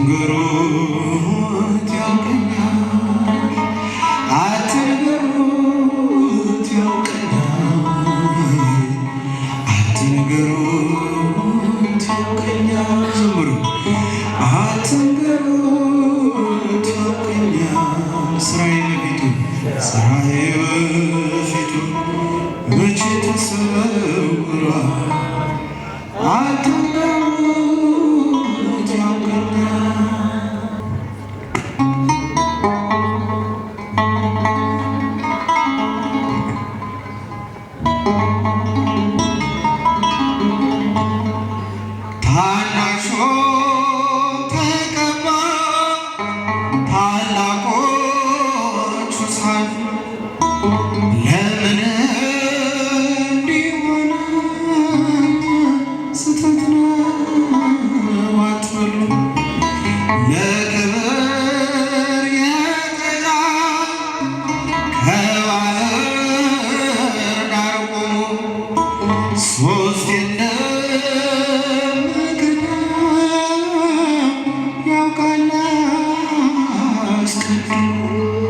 ንገሩት ያውቀኛል፣ አትንገሩት ያውቀኛል፣ አትንገሩት ያውቀኛል። ስራዬ በፊቱ ስራዬ በፊቱ መቼ ተሰውሯል። Amen.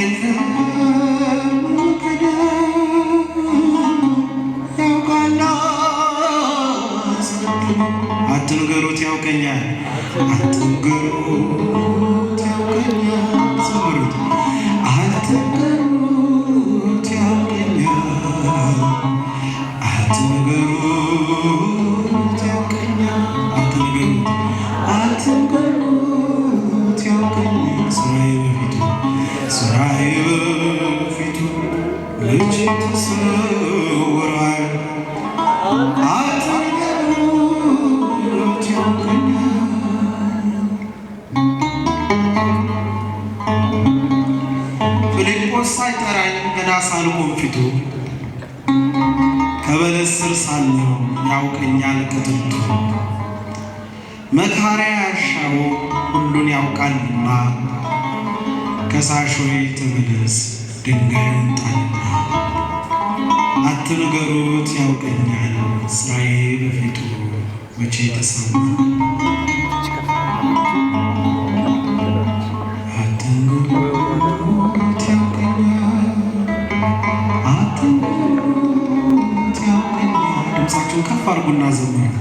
you. ፊልጶስ ሳይጠራኝ ከዳስ አልቆም ፊቱ ከበለስ ስር ሳለው ያውቀኛል ከጥንቱ መካሪያ ያሻው ሁሉን ያውቃልና ከሳሾ ተመለስ ድንጋዩን ጣልና አትንገሩት ያውቀኛል፣ ስራዬ በፊቱ መቼ ተሰማ። አትንገሩት ከፍ አድርጉና ዘመን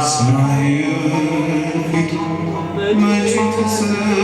እስራኤል ፊቱ መቼ ተሰ